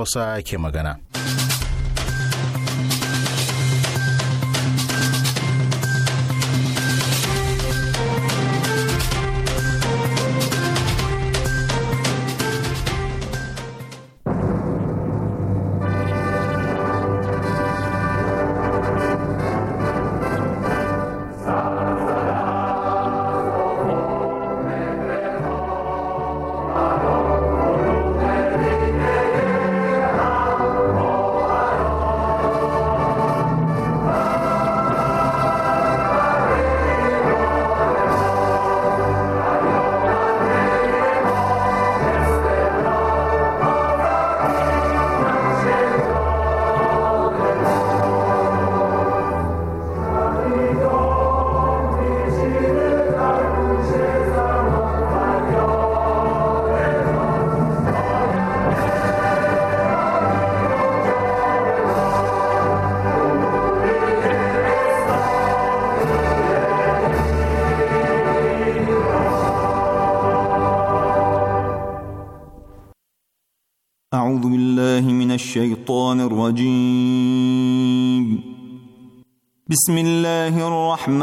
Hausa ke magana. بسم الله الرحمن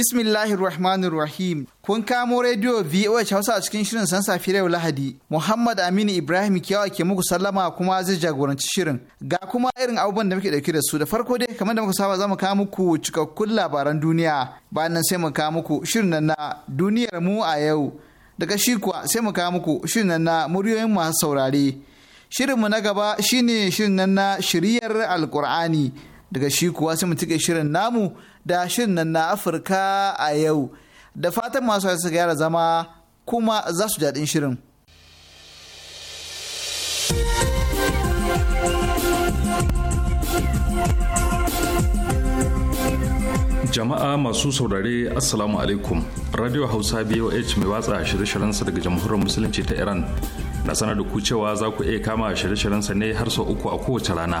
Bismillahirrahmanirrahim. Kun kamo rediyo VOH Hausa a cikin shirin san safi yau Lahadi. Muhammad Aminu Ibrahim Kiyawa ke muku sallama kuma zai jagoranci shirin. Ga kuma irin abubuwan da muke dauke da su da farko dai kamar da muka saba za mu kawo muku cikakkun labaran duniya. Bayan nan sai mu kawo muku shirin na duniyar mu a yau. Daga shi kuwa sai mu kawo muku shirin na muryoyin masu saurare. Shirinmu na gaba shine shirin na shiriyar Alkur'ani. Daga shi kuwa sai mu tike shirin namu da shirin nan na Afirka a yau. Da fatan masu su gyara zama kuma za su daɗin shirin. Jama'a masu saurare Assalamu alaikum. Radio Hausa BOH mai watsa shirye sa daga Jamhuriyar Musulunci ta Iran. Na sanar da ku cewa za ku iya kama shirye sa ne har sau uku a kowace rana.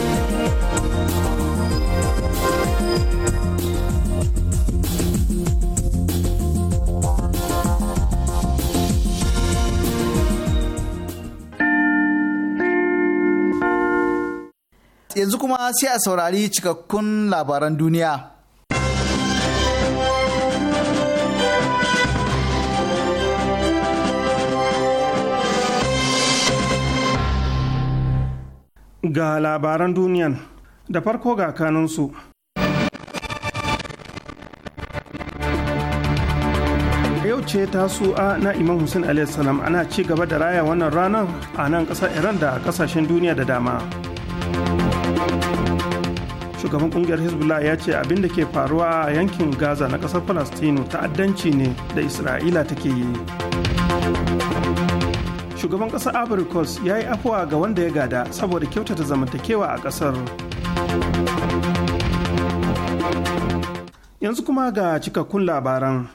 yanzu kuma sai a saurari cikakkun labaran duniya. Ga labaran duniyan da farko ga kanunsu. yau ce a na imam hussein a.s. ana ci gaba da raya wannan ranar a nan ƙasar iran da ƙasashen duniya da dama. shugaban kungiyar hezbollah ya ce abin da ke faruwa a yankin gaza na kasar palestino ta'addanci ne da isra'ila take yi shugaban kasar abrikos ya yi afuwa ga wanda ya gada saboda kyautata zamantakewa a kasar yanzu kuma ga cikakkun labaran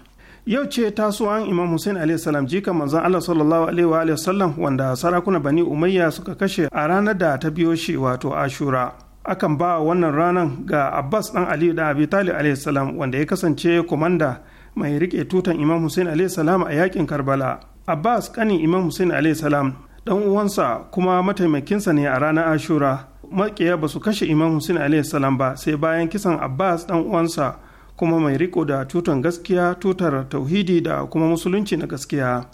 yau ce tasowan imam hussein alaihi salam jika manzon allah sallallahu alaihi wa sallam wanda sarakuna bani umayya suka kashe a ranar da ta biyo shi wato ashura akan ba wannan ranar ga abbas dan aliyu da abi talib alaihissalam wanda ya kasance komanda mai rike tutan imam hussein alaihissalam a yakin karbala abbas kanin imam hussein alaihissalam dan uwansa kuma mataimakinsa ne a ranar ashura makiya ba su kashe imam hussein alaihissalam ba sai bayan kisan abbas dan uwansa kuma mai riko da tutan gaskiya tutar tauhidi da kuma musulunci na gaskiya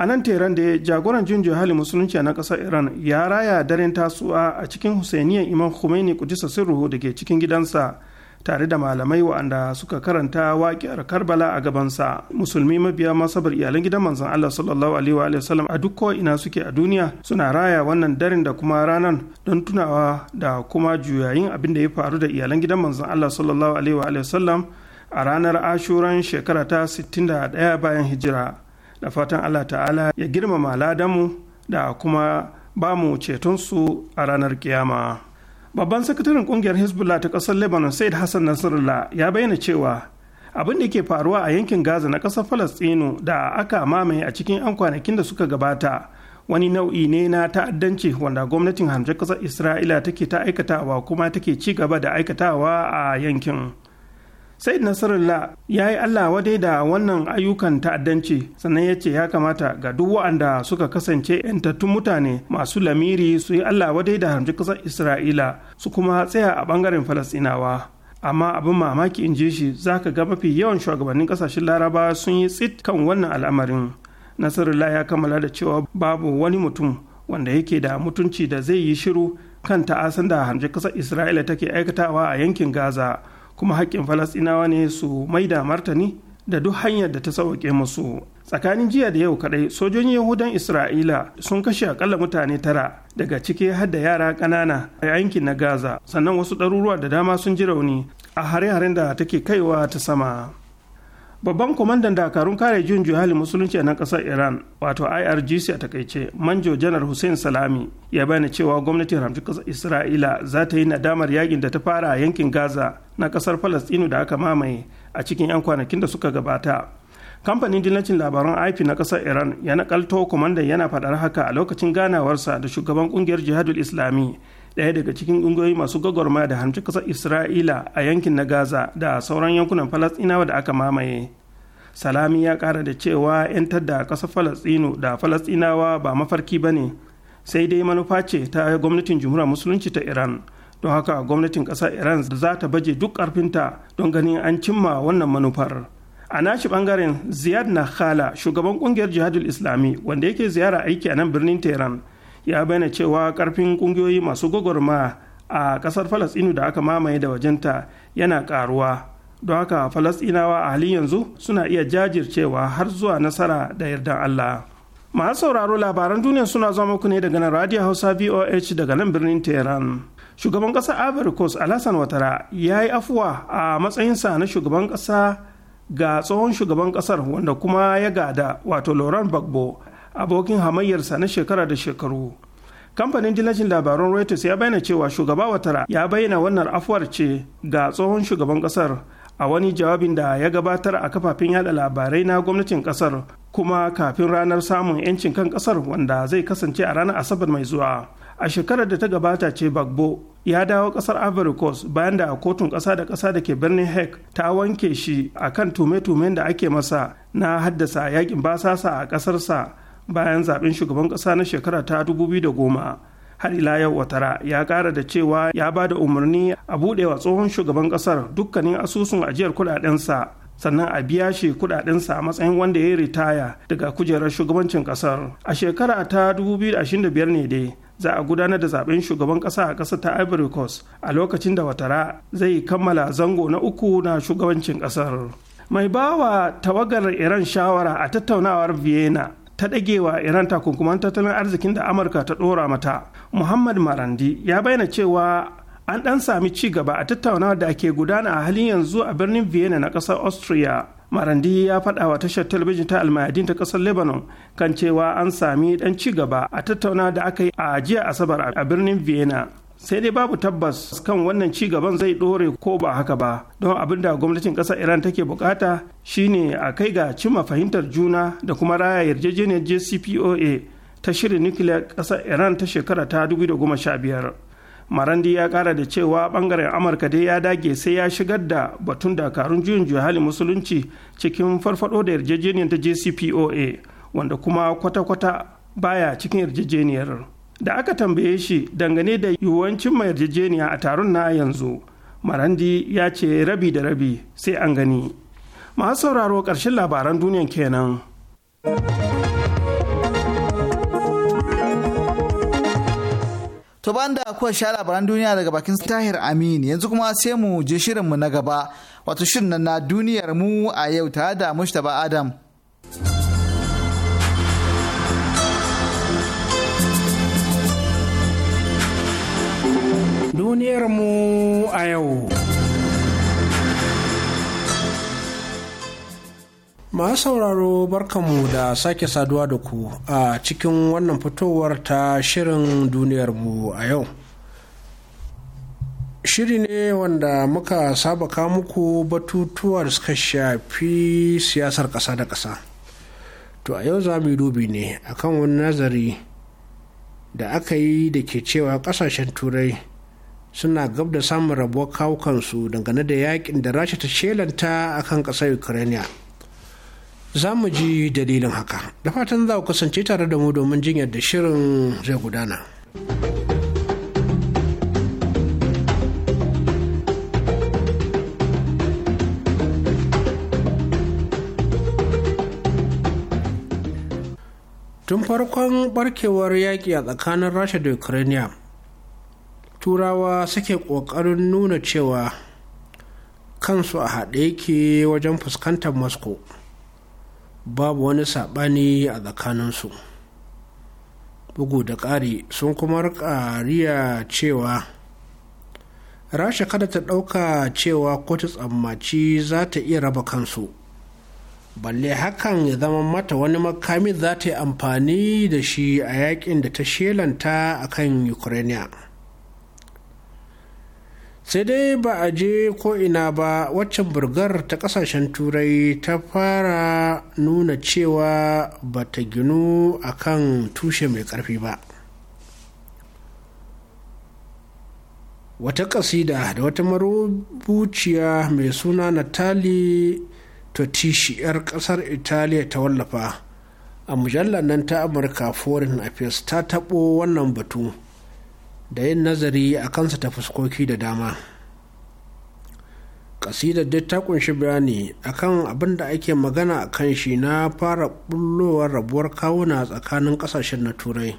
a nan teran da jagoran junjo hali musulunci na kasar iran ya raya daren tasuwa a cikin husainiyar imam khomeini kudisa sirruhu da ke cikin gidansa tare da malamai wa'anda suka karanta waƙiyar karbala a gabansa musulmi mabiya masabar iyalan gidan manzon allah sallallahu alaihi wa sallam a duk ina suke a duniya suna raya wannan darin da kuma ranar don tunawa da kuma juyayin abin da ya faru da iyalan gidan manzon allah sallallahu alaihi wa sallam a ranar ashuran shekara ta 61 bayan hijira da fatan allah ta'ala ya girmama ladanmu da kuma ba mu cetonsu a ranar kiyama babban sakataren kungiyar hezbollah ta ƙasar lebanon said hassan nasrallah ya bayyana cewa abin da ke faruwa a yankin gaza na ƙasar falastinu da aka mamaye a cikin 'yan kwanakin da suka gabata wani nau'i ne na ta'addanci wanda gwamnatin hamjar kasar isra'ila take ta aikatawa kuma take ci gaba da aikatawa a yankin sai nasarullah ya yi allah wadai da wannan ayyukan ta'addanci sannan ya ce ya kamata ga duk wa'anda suka kasance yantattun mutane masu lamiri su yi allah wadai da harmci kasar isra'ila su kuma tsaya a bangaren falasɗinawa amma abin mamaki in ji shi za ka ga mafi yawan shugabannin kasashen laraba sun yi tsit kan wannan al'amarin nasarullah ya kammala da cewa babu wani mutum wanda yake da mutunci da zai yi shiru kan ta'asan da hamshe kasar isra'ila take aikatawa a yankin gaza kuma haƙƙin falasɗinawa ne su maida martani da duk hanyar da ta sauƙe musu tsakanin jiya da yau kaɗai sojojin yahudan isra'ila sun kashe akalla mutane tara daga ciki har da yara ƙanana a yankin na gaza sannan wasu ɗaruruwa da dama sun ji rauni a hare-haren da take kaiwa ta sama babban kwamandan dakarun kare juyin juhali musulunci a nan kasar iran wato irgc a takaice manjo janar hussein salami ya bayyana cewa gwamnati haramci kasar isra'ila za ta yi nadamar yakin da ta fara a yankin gaza na kasar falastinu da aka mamaye a cikin 'yan kwanakin da suka gabata kamfanin dillacin labaran ip na kasar iran ya nakalto kwamandan yana faɗar haka a lokacin ganawarsa da shugaban kungiyar jihadul islami ɗaya daga cikin ƙungiyoyi masu gwagwarmaya da hamci ƙasar isra'ila a yankin na gaza da sauran yankunan falastinawa da aka mamaye salami ya ƙara da cewa yan da ƙasar falastinu da falastinawa ba mafarki ba ne sai dai manufa ce ta gwamnatin jumhuriyar musulunci ta iran don haka gwamnatin ƙasar iran za ta baje duk ƙarfinta don ganin an cimma wannan manufar a nashi bangaren ziyad nakhala shugaban kungiyar jihadul islami wanda yake ziyara aiki a nan birnin tehran ya bayyana cewa karfin kungiyoyi masu gwagwarma a kasar falasɗinu da aka mamaye da wajenta yana karuwa don haka falasɗinawa a halin yanzu suna iya jajircewa har zuwa nasara da yardan allah masu sauraro labaran duniya suna zuwa muku ne daga nan radio hausa voh daga nan birnin tehran shugaban ƙasar ivory coast alasan watara ya yi afuwa a matsayinsa na shugaban ƙasa ga tsohon shugaban ƙasar wanda kuma ya gada wato lauren bagbo abokin hamayyarsa na shekara da shekaru kamfanin dillacin labaran reuters ya bayyana cewa shugaba watara ya bayyana wannan afuwar ce ga tsohon shugaban kasar a wani jawabin da ya gabatar a kafafen yada labarai na gwamnatin kasar kuma kafin ranar samun 'yancin kan kasar wanda zai kasance a ranar asabar mai zuwa a shekarar da ta gabata ce bagbo ya dawo kasar ivory coast bayan da kotun kasa da kasa da ke birnin hek ta wanke shi akan tume-tumen da ake masa na haddasa yakin basasa a kasarsa bayan zaben shugaban ƙasa na shekara ta 2010 har ila yau watara ya kara da cewa ya ba da umarni a buɗewa tsohon shugaban ƙasar dukkanin asusun ajiyar kuɗaɗensa sannan a biya shi kuɗaɗensa a matsayin wanda ya ritaya daga kujerar shugabancin kasar a shekara ta 2025 ne dai za a gudanar da zaben shugaban kasa a ƙasa ta ivory coast a lokacin da watara zai kammala zango na uku na shugabancin kasar mai bawa tawagar iran shawara a tattaunawar vienna ta ɗagewa iran takunkuman tattalin arzikin da amurka ta ɗora mata muhammad marandi ya bayyana cewa an ɗan sami ci gaba a tattaunawa da ake gudana a halin yanzu a birnin vienna na ƙasar austria marandi ya faɗa wa tashar talabijin ta almayadin ta ƙasar lebanon kan cewa an sami ɗan ci gaba a tattaunawa da aka yi a jiya asabar a birnin vienna sai dai babu tabbas kan wannan ci gaban zai dore ko ba haka ba don abin da gwamnatin ƙasar iran take bukata shine a kai ga cimma fahimtar juna da kuma raya yarjejeniyar jcpoa ta shirin nukiliyar ƙasar iran ta shekara ta 2015 marandi ya kara da cewa bangaren amurka dai ya dage sai ya shigar da batun dakarun juyin juya juhali musulunci cikin farfado da yarjejeniyar ta jcpoa wanda kuma kwata-kwata baya cikin yarjejeniyar da aka tambaye shi dangane da yiwuwancin mai yarjejeniya a taron na yanzu marandi ya ce rabi da rabi sai an gani masu sauraro ƙarshen labaran duniyan kenan. tobanda bayan da kuwa sha labaran duniya daga bakin Tahir Amin yanzu kuma sai mu je shirinmu na gaba wato shirin na duniyar mu a yau tare da Mustapha Adam. duniyarmu a yau. Masu sauraro barkanmu da sake saduwa da ku a cikin wannan fitowar ta shirin duniyarmu a yau. Shiri ne wanda muka saba kamuku muku batutuwa da suka shafi siyasar ƙasa da ƙasa. To a yau za mu yi dubi ne akan wani nazari da aka yi da ke cewa ƙasashen turai suna gab da samun rabuwar kawukansu dangane da yakin da rasha ta shelanta a kan ƙasar ukraine za mu ji dalilin haka da fatan za ku kasance tare da mu domin jin yadda shirin zai gudana tun farkon barkewar yaƙi a tsakanin rasha da ukraine turawa suke ƙoƙarin nuna cewa kansu a haɗe yake wajen fuskantar moscow babu wani saɓani a tsakaninsu bugu da ƙari sun kuma riya cewa rasha kada ta ɗauka cewa kotu tsammaci za ta iya raba kansu balle hakan ya zama mata wani makami za ta yi amfani da shi a yakin da ta shelanta a kan ukraine sai dai ba a je ko'ina ba waccan burgar ta kasashen turai ta fara nuna cewa ba ta ginu a kan tushe mai ƙarfi ba wata kasida da wata marubuciya mai suna natali totishi 'yar kasar italiya ta wallafa a mujallar nan ta amurka foreign affairs ta taɓo wannan batu da yin nazari a kansa ta fuskoki da dama Ƙasidar dai ta kunshi birane kan abin da ake magana a kan shi na fara bullowar rabuwar kawuna tsakanin ƙasashen na turai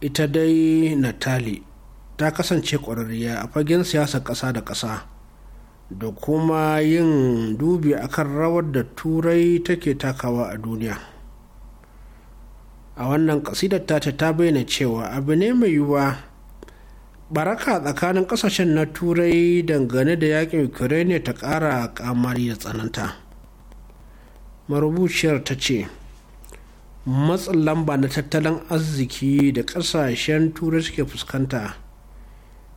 ita dai natali ta kasance ƙwararriya a fagen siyasar ƙasa da ƙasa da kuma yin dubi akan rawar da turai take takawa a duniya. a wannan kasidar tata ta bayyana cewa abu ne mai yiwuwa baraka tsakanin kasashen na turai dangane da yakin ukraine ta kara kamari da tsananta marubuciyar ta ce matsin lamba na tattalin arziki da kasashen turai suke fuskanta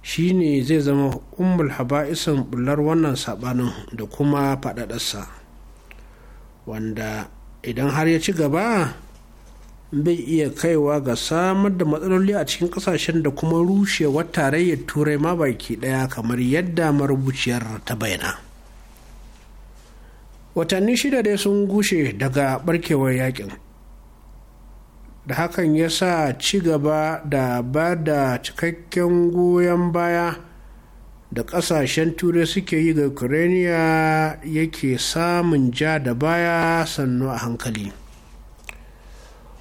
shine zai zama Haba haba'isin bular wannan sabanin da kuma faɗaɗarsa wanda idan har ya ci gaba bai iya kaiwa ga samar da matsaloli a cikin kasashen da kuma rushewar tarayyar turai ma baki daya kamar yadda marubuciyar ta bayyana watanni shida dai sun gushe daga barkewar yakin da hakan ya sa ci gaba da ba da cikakken goyon baya da kasashen turai suke yi ga ukraine yake samun ja da baya sannu a hankali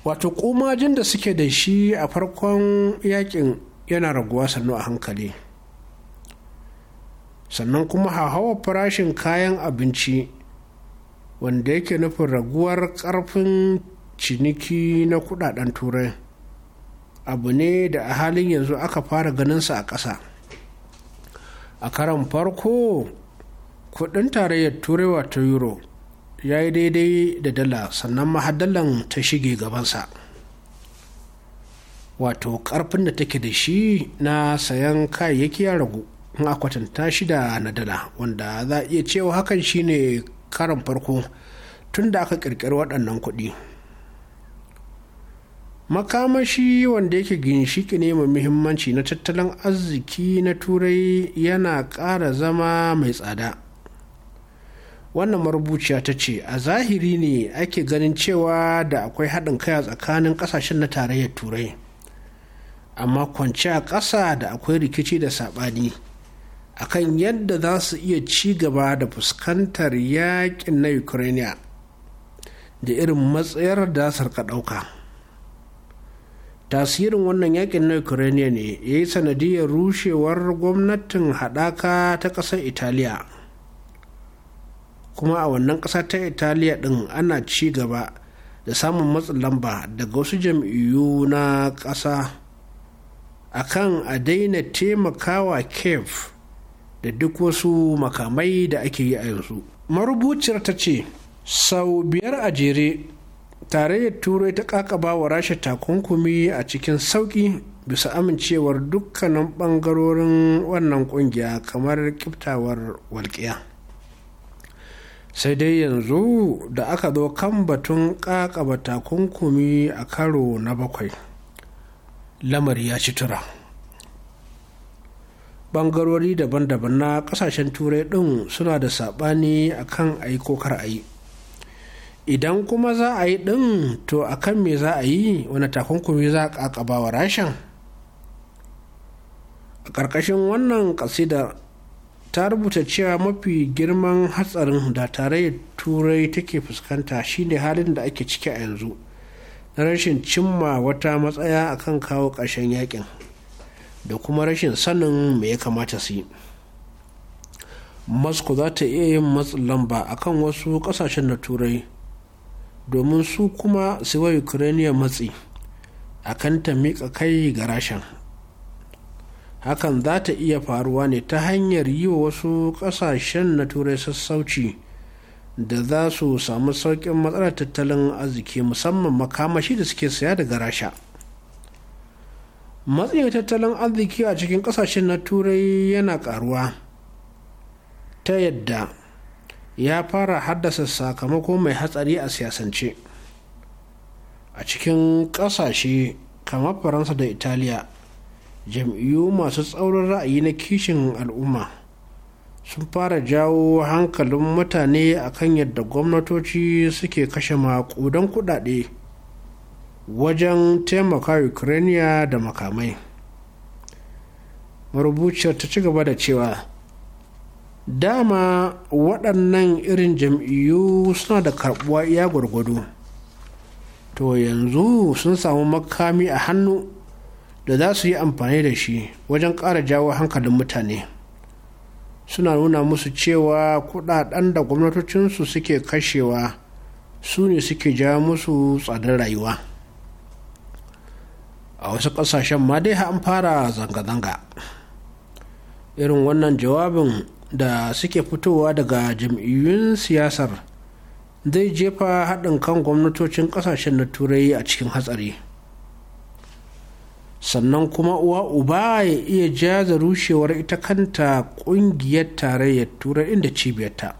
wato komajin da suke da shi a farkon yakin yana raguwa sannu a hankali sannan kuma hauhawar farashin kayan abinci wanda yake nufin raguwar karfin ciniki na kudaden turai abu ne da a halin yanzu aka fara ganinsa a ƙasa a karan farko kudin tarayyar turai wato euro ya yi daidai da dala sannan mahadalan ta shige gabansa wato karfin da take da shi na sayan kayayyaki ya ragu in a kwatanta shi da na dala wanda za a iya cewa hakan shine karan farko tun da aka kirkiri waɗannan kuɗi makamashi wanda yake ginshiki ne mai muhimmanci na tattalin arziki na turai yana ƙara zama mai tsada wannan marubuciya ta ce a zahiri ne ake ganin cewa da akwai haɗin kai a tsakanin ƙasashen na tarayyar turai amma kwance a ƙasa da akwai rikici da saɓani akan yadda za su iya ci gaba da fuskantar yaƙin na ukraine da irin matsayar da su rika ɗauka tasirin wannan yakin na ukraine ne ya yi sanadiyar rushewar gwamnatin haɗaka ta ƙasar italiya kuma a wannan ƙasa ta italiya ɗin ana ci gaba da samun matsin lamba daga wasu jam'iyyu na ƙasa akan a daina taimakawa kef da duk wasu makamai da ake yi a yanzu marubuciyar ta ce sau biyar a jere tarayyar turai ta kakaba wa rasha takunkumi a cikin sauki bisa amincewar dukkanin bangarorin wannan kungiya kamar kiftawar walƙiya. sai dai yanzu da aka zo kan batun kakaba takunkumi a karo na bakwai Lamar ya ci tura bangarori daban-daban na kasashen turai ɗin suna da saɓani a kan ayi ko kar idan kuma za a yi ɗin to a kan me za a yi wani takunkumi za a kakaba wa rashin a ƙarƙashin wannan ƙasidar ta rubuta cewa mafi girman hatsarin da tarayyar turai take fuskanta shine halin da ake ciki a yanzu na rashin cimma wata matsaya akan kawo ƙarshen yakin da kuma rashin sanin me ya kamata su yi moscow za ta iya yin matsin lamba akan wasu ƙasashen na turai domin su kuma su wa ukraine matsi akan ta miƙa kai ga rashin hakan za ta iya faruwa ne ta hanyar yi wa wasu ƙasashen na turai sassauci da za su samu sauƙin matsalar tattalin arziki musamman makamashi da suke saya daga rasha matsayin tattalin arziki a cikin ƙasashen na turai yana ƙaruwa ta yadda ya fara haddasa sakamako mai hatsari a siyasance a cikin ƙasashe kamar faransa da italiya jam'iyyu masu tsaurin ra'ayi na kishin al'umma sun fara jawo hankalin mutane a kan yadda gwamnatoci suke kashe maƙudan kuɗaɗe wajen taimaka ukraine da makamai marubuciyar ta ci gaba da cewa dama waɗannan irin jam'iyyu suna da karɓuwa iya gwargwado to yanzu sun samu makami a hannu da za su yi amfani da shi wajen ƙara jawo hankalin mutane suna nuna musu cewa kudaden da gwamnatocinsu suke kashewa su ne suke jawo musu tsadar rayuwa a wasu ƙasashen ma dai an fara zanga-zanga irin wannan jawabin da suke fitowa daga jam'iyyun siyasar zai jefa haɗin kan gwamnatocin ƙasashen na turai a cikin hatsari. sannan kuma uwa uba ya iya jaza rushewar ita kanta kungiyar tarayyar turai inda cibiyarta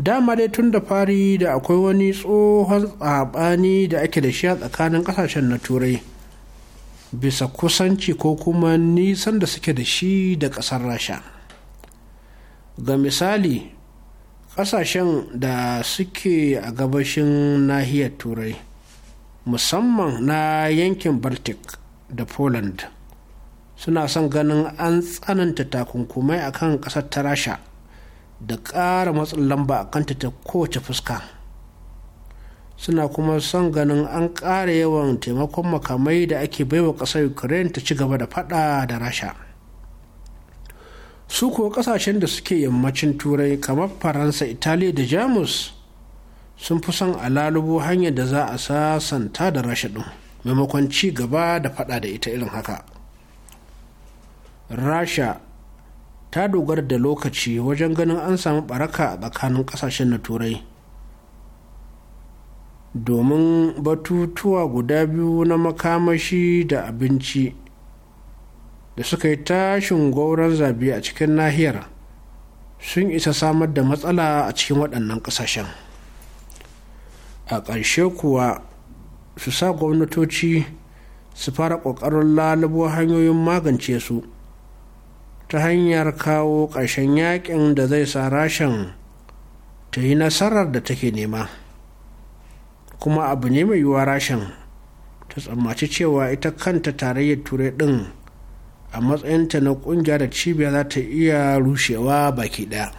dama dai tun da fari da akwai wani tsohon tsabani da ake da shi a tsakanin kasashen na turai bisa kusanci ko kuma nisan da suke da shi da ƙasar rasha ga misali kasashen da suke a gabashin nahiyar turai musamman na yankin baltic da poland suna son ganin an tsananta takunkumai a kan ƙasar ta rasha da ƙara matsin lamba a kanta ta kowace fuska suna kuma son ganin an ƙara yawan taimakon makamai da ake baiwa ƙasar ukraine ta ci gaba da fada da rasha su kuwa ƙasashen da suke yammacin turai kamar faransa italiya da jamus sun fi son a lalubo hanyar da za a sasanta da rasha ɗin maimakon ci gaba da faɗa da ita irin haka rasha ta dogara da lokaci wajen ganin an samu baraka a tsakanin ƙasashen na turai domin batutuwa guda biyu na makamashi da abinci da suka yi tashin gwauron zabi a cikin nahiyar sun isa samar da matsala a cikin waɗannan ƙasashen. a ƙarshe kuwa su sa gwamnatoci su fara ƙoƙarin lalubo hanyoyin magance su ta hanyar kawo ƙarshen yaƙin da zai sa rashin ta yi nasarar da take nema kuma abu ne mai yiwuwa rashin ta tsammaci cewa ita kanta tarayyar turai ɗin a matsayinta na ƙungiya da cibiya za ta iya rushewa baki ɗaya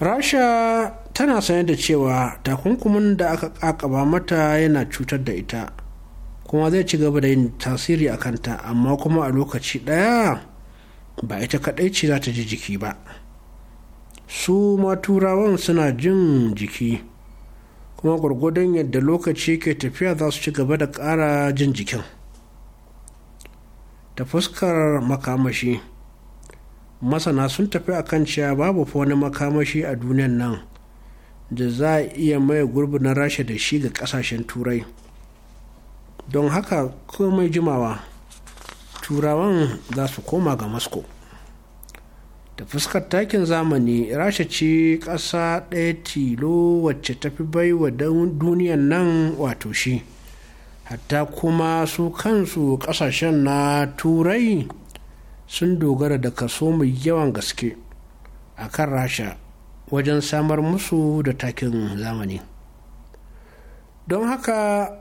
rasha tana sanar da cewa takunkumin da aka kakaba mata yana cutar da ita kuma zai ci gaba da yin tasiri a kanta amma kuma a lokaci ɗaya ba ita kaɗai ce za ta ji jiki ba su maturawan turawan suna jin jiki kuma gwargwadon yadda lokaci ke tafiya za su ci gaba da ƙara jin jikin ta fuskar makamashi masana sun tafi a kan cewa babu wani makamashi a duniyan nan da za a iya maye gurbi na rasha da shi ga kasashen turai don haka komai jimawa turawan za su koma ga moscow da fuskar takin zamani rasha ce ƙasa ɗaya tilo wacce tafi wa duniyan nan wato shi hatta kuma su kansu ƙasashen na turai sun dogara da kaso mai yawan gaske a kan rasha wajen samar musu da takin zamani don haka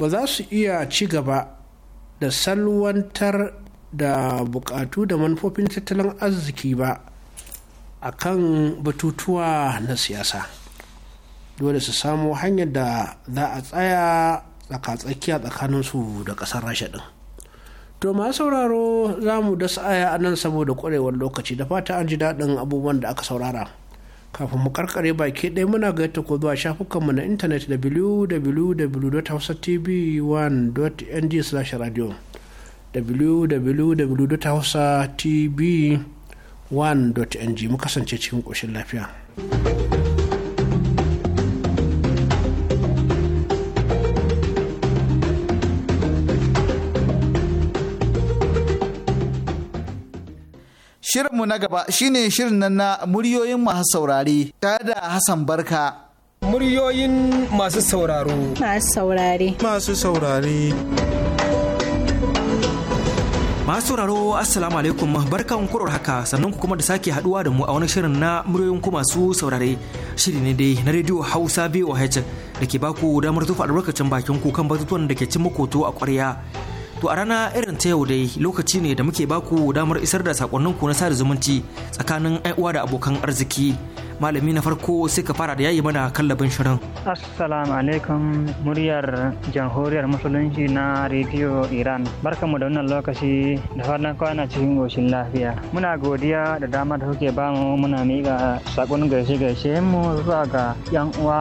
ba za su iya ci gaba da salwantar da bukatu da manufofin tattalin arziki ba a kan batutuwa na siyasa dole su samu hanyar da za a tsaya tsaka-tsakiya su da ƙasar rasha ɗin. To masu sauraro za mu da sa'aya a nan saboda kwarewar lokaci da fata an ji daɗin abubuwan da aka saurara. Kafin mu karkare baki ɗaya muna ga ko zuwa shafukanmu na intanet www.hausatv1.ng/radio www.hausatv1.ng mu kasance cikin ƙoshin lafiya. Shirinmu na gaba shine shirin nan na muryoyin masu saurare tare da Hassan Barka. Muryoyin masu sauraro. Masu saurare. Masu saurare. masu sauraro assalamu alaikum barkan kurar haka sannan kuma da sake haduwa da mu a wani shirin na muryoyin ku masu saurare shiri ne dai na rediyo hausa boh da ke baku damar tufa albarkacin bakin ku kan batutuwan da ke cin makoto a kwarya To a rana irin ta yau dai lokaci ne da muke baku damar isar da sakonninku na sada zumunci tsakanin uwa da abokan arziki malami na farko sai ka fara da yayi mana kallabin shirin assalamu alaikum muryar jamhuriyar musulunci na rediyo iran mu da wannan lokaci da fatan kwana cikin goshin lafiya muna godiya da dama da kuke bamu muna miƙa sakon gaishe gaishe mu zuwa ga yan uwa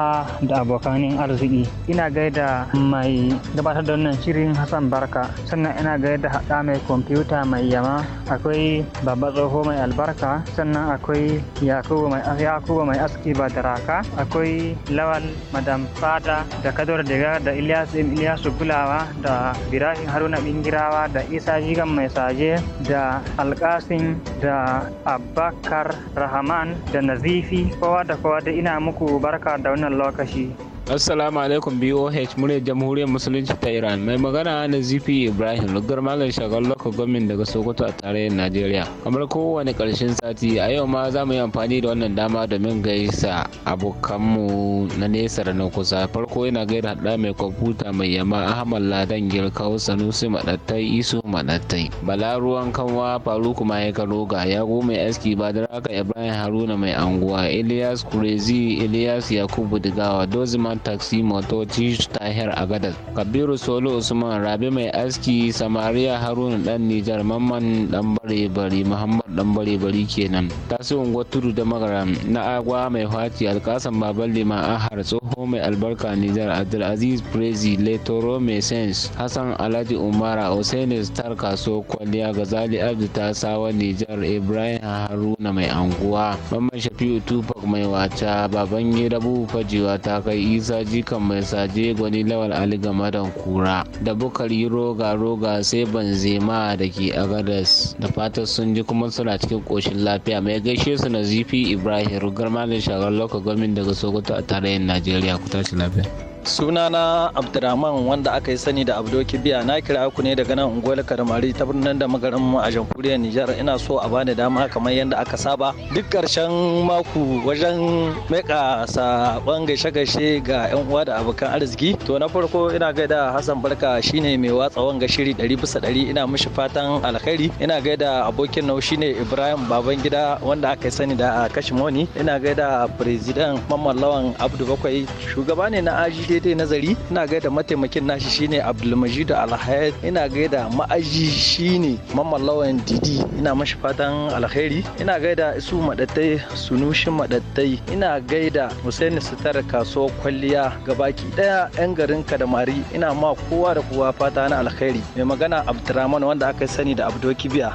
da abokanin arziki ina gaida mai gabatar da wannan shirin hassan barka sannan ina gaida haɗa mai kwamfuta mai yama akwai babba tsoho mai albarka sannan akwai yakubu mai yakuba mai aski ba da raka akwai lawal madam fada da kador daga da ilyas m ilyasu kulawa da birahim haruna bingirawa da isa jigan mai saje da alkasin da abakar rahaman da nazifi kowa da kowa da ina muku barka da wannan lokaci assalamu alaikum boh mure jamhuriyar musulunci ta iran mai magana na zifi ibrahim lugar malam shagar lokacin gwamnati daga sokoto a tarayyar najeriya kamar kowane karshen sati a yau ma za mu yi amfani da wannan dama domin gaisa abokanmu na nesa da na kusa farko yana gaida hada mai kwamfuta mai yamma ahmad ladan girkau sanusi madattai isu madattai bala ruwan kanwa Faruk kuma ya karo ga yago mai aski badaraka ibrahim haruna mai anguwa ilyas kurezi ilyas yakubu digawa doziman Usman Taxi Motoci Tahir Agadas. Kabiru Solo Usman Rabi Mai Aski Samariya Haruna Dan Nijar Mamman Dan Bare Bari Muhammad Dan Bare Bari kenan. Tasirin Gwaturu da magara na Agwa Mai Fati Alkasan Baban lima, Ahar Tsoho Mai Albarka Nijar Abdulaziz Prezi Letoro Mai Sens Hassan Alhaji Umara Hussein Star Kaso Kwaliya Gazali Abdu Tasawa Nijar Ibrahim Haruna Mai Anguwa Mamman Shafi'u Tupac Mai Wata Baban Rabu Fajewa ta kai Isa isa kan mai saje gwani lawal ali gamadan kura da bukari roga roga sai banzema da ke agadas da fatan sun ji kuma suna cikin koshin lafiya mai gaishe su na zifi ibrahim rugar malin shagar lokacin gwamnati daga sokoto a tarayyar najeriya ku tashi lafiya sunana abdurrahman wanda aka yi sani da abdo kibiya na kira ku ne daga nan unguwar karmari ta birnin da magaran a jamhuriyar nijar ina so a bani dama kamar yadda aka saba duk karshen mako wajen meka saban gaishe gaishe ga yan uwa da abokan arziki to na farko ina gaida hassan barka shine mai watsa wanga shiri dari bisa dari, ina mishi fatan alkhairi ina gaida abokin nau shine ibrahim babangida wanda aka yi sani da kashimoni ina gaida president mamman lawan abdu bakwai shugaba ne na aji he dai nazari ina gaida mataimakin nashi shine Abdulmajid Alhayat ina gaida ma'aji shine Mamallawan Didi ina mashi fatan alheri ina gaida isu madattai sunushin madattai ina gaida Hussein Sitar kasuwar kwalliya gabaki daya yan garin Kadamari ina ma kowa da kowa fata na alheri mai magana Abdurrahman wanda aka sani da biya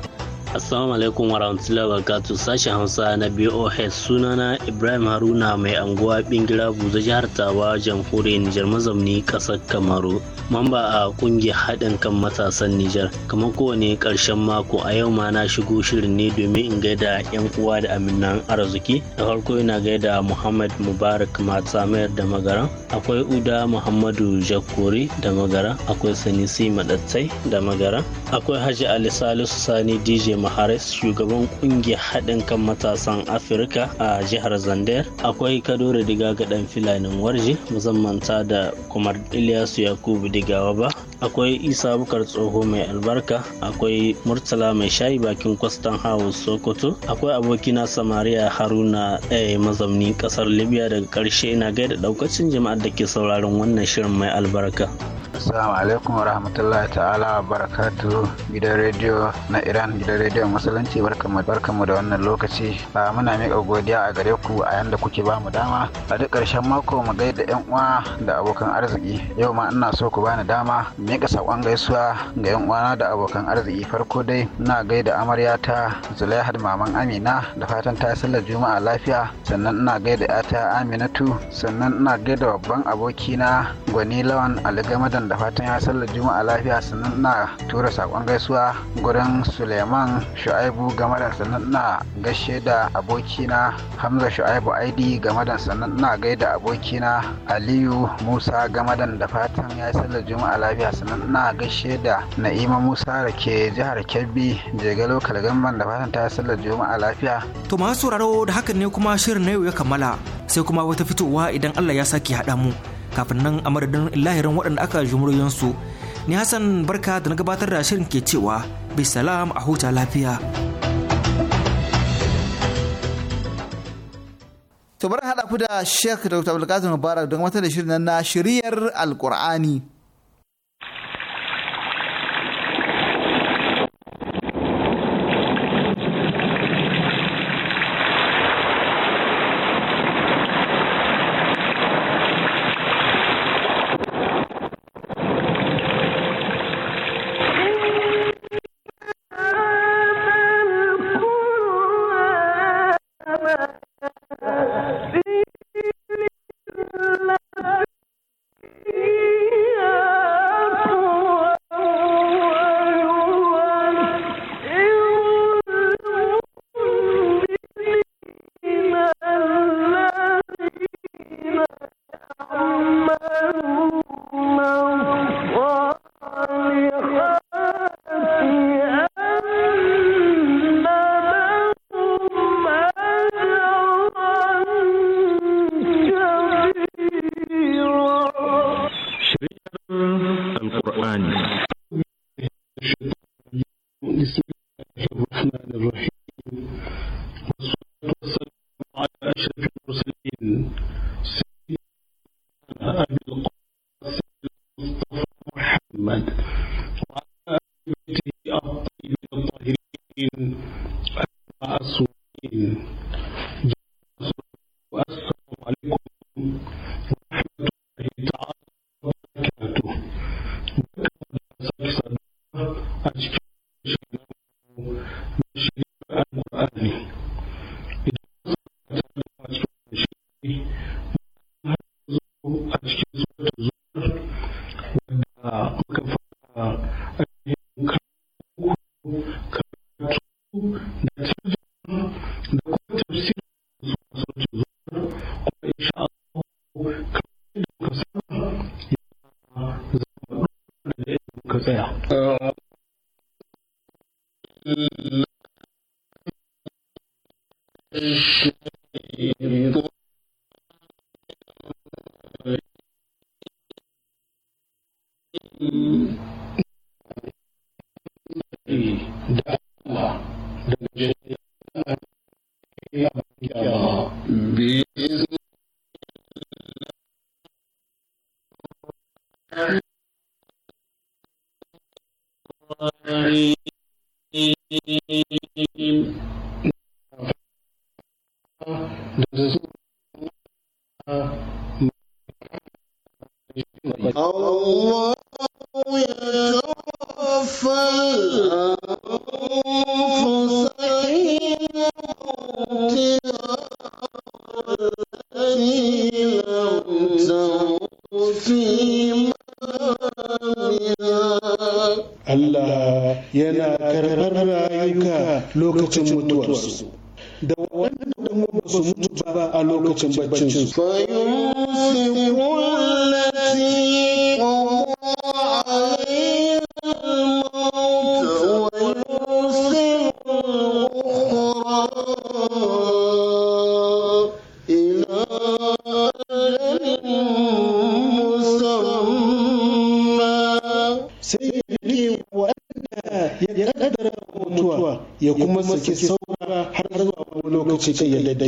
Assalamu alaikum wa rahmatullahi wa barakatuh sashen Hausa na BOH sunana Ibrahim Haruna mai anguwa bingira buza jihar Tawa jamhuriyar Nijar mazamni kasar Kamaru mamba a kungiyar haɗin kan matasan Nijar kamar kowane ƙarshen mako a yau ma na shigo shirin ne domin in gaida yan uwa da aminan arziki da farko ina gaida Muhammad Mubarak Mayar da Magara akwai Uda Muhammadu Jakori da Magara akwai Sanisi Madattai da Magara akwai Haji Ali Salisu Sani DJ Maharis shugaban kungiyar haɗin kan matasan Afirka a jihar zander Akwai Kadore Diga ga ɗan filanin warji musamman ta da kumar Ilyasu Yakubu Digawa ba. Akwai Isa Bukar Tsoho mai albarka. Akwai Murtala mai shayi bakin kwastan House Sokoto. Akwai abokina Samaria Haruna eh, mazamni ƙasar Libya daga ƙarshe na gaida daukacin jama'ar da ke sauraron wannan shirin mai albarka. Assalamu alaikum wa rahmatullahi ta'ala wa gidan rediyo na Iran gidan rediyon musulunci barkamu da wannan lokaci ba muna miƙa godiya a gare ku a yanda kuke ba mu dama a duk ƙarshen mako mu gaida yan uwa da abokan arziki yau ma ina so ku bani dama miƙa saƙon gaisuwa ga yan uwana da abokan arziki farko dai ina gaida amarya ta Zulaihat maman Amina da fatan ta sallar juma'a lafiya sannan ina gaida yata Aminatu sannan ina gaida babban abokina Gwani Lawan Aligamadan da fatan ya sallar juma'a lafiya sannan ina tura saƙon gaisuwa gurin Suleiman shu'aibu game da sannan ina gaishe da abokina hamza shu'aibu id game da sannan ina da abokina aliyu musa game da da fatan ya yi sallar juma'a lafiya sannan ina gaishe da na'ima musa da ke jihar kebbi jega lokal gamban da fatan ta yi sallar juma'a lafiya. to masu sauraro da hakan ne kuma shirin na yau ya kammala sai kuma wata fitowa idan allah ya sake haɗa mu kafin nan a madadin lahirin waɗanda aka jumuriyansu ni hassan barka da na gabatar da shirin ke cewa bisalam a huta lafiya. To haɗa ku da Sheikh Dr. Abdulkadir Mubarak don wata da shirin na shiriyar Alƙur'ani. Allah yana karɓar rayuka lokacin mutuwarsu da waɗanda ba su mutu ba a lokacin baccin ce ce yadda da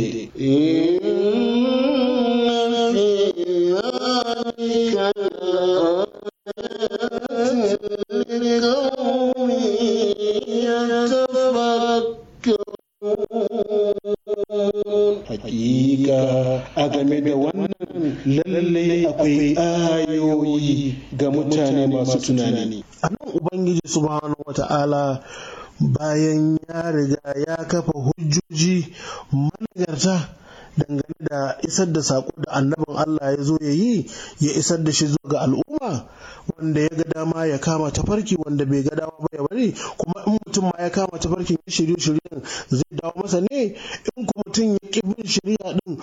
isar da saƙo da annabin Allah ya zo ya yi ya isar da shi zuwa ga al'umma wanda ya ga dama ya kama tafarki wanda bai ga dama ba ya bari kuma in mutum ma ya kama tafarkin ya shirye shiryen zai dawo masa ne in kuma mutum ya ki bin shirya din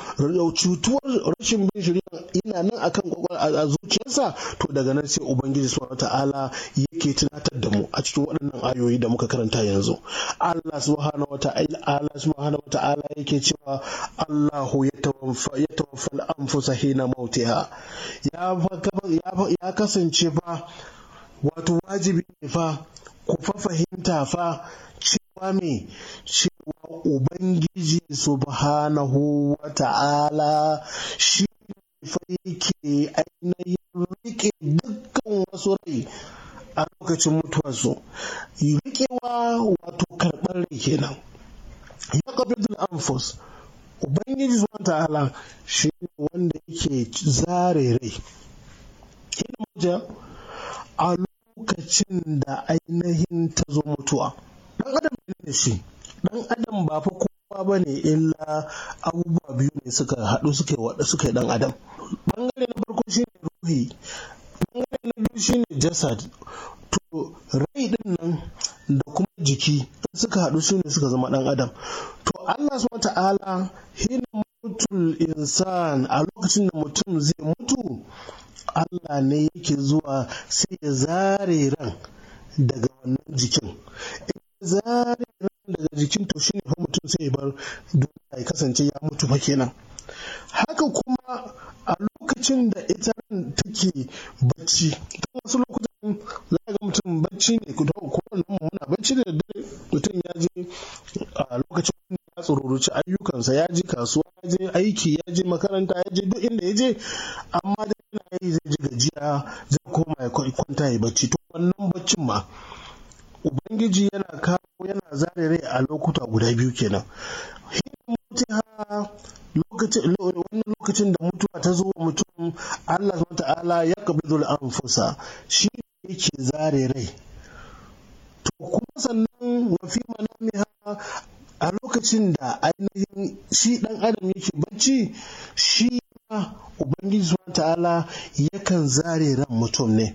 cutuwar rashin bin shirya yana nan akan kwakwal a zuciyarsa to daga nan sai ubangiji subhanahu ta'ala yake tunatar da mu a cikin waɗannan ayoyi da muka karanta yanzu Allah subhanahu wa ta'ala Allah subhanahu wa yake cewa Allahu ya tawaffa al-anfusa hina mautiha ya kasance fa wato wajibi ne fa ku fa fahimta fa cewa me cewa ubangiji subhanahu wa ta'ala shi fa yake ainihin rike dukkan wasu rai a lokacin mutuwarsu rikewa wato karɓar rai kenan ya qabidul anfos, ubangiji subhanahu wa ta'ala shi ne wanda yake zare rai shine a lokacin da ainihin ta zo mutuwa dan adam ne shi dan adam ba fa kowa ba ne illa abubuwa biyu ne suka haɗu suka yi suka dan adam bangare na farko shine ruhi bangare na biyu shine jasad to rai din nan da kuma jiki suka haɗu su ne suka zama ɗan adam to Allah subhanahu ta'ala hina mutul insan a lokacin da mutum zai mutu Allah ne yake zuwa sai ya zare ran daga wannan jikin in ya zare ran daga jikin to shine fa mutum sai ya bar duniya ya kasance ya mutu fa kenan haka kuma a lokacin da ita ran take bacci don wasu lokutan za ga mutum bacci ne ku ko muna bacci da dare mutum ya je a lokacin tsururuci ayyukansa ya ji kasuwa ya je aiki ya je makaranta ya je duk inda ya je amma da yana yi zai ji gajiya zai koma ya kwanta ya bacci to wannan baccin ma ubangiji yana kawo yana zare rai a lokuta guda biyu kenan wani lokacin da mutuwa ta zo wa mutum Allah ta'ala ya kabidul anfusa shi ne yake zare rai to kuma sannan wafi mana. lokacin da ainihin shi ɗan adam yake bacci shi ma ubangiji wa ta'ala yakan zare ran mutum ne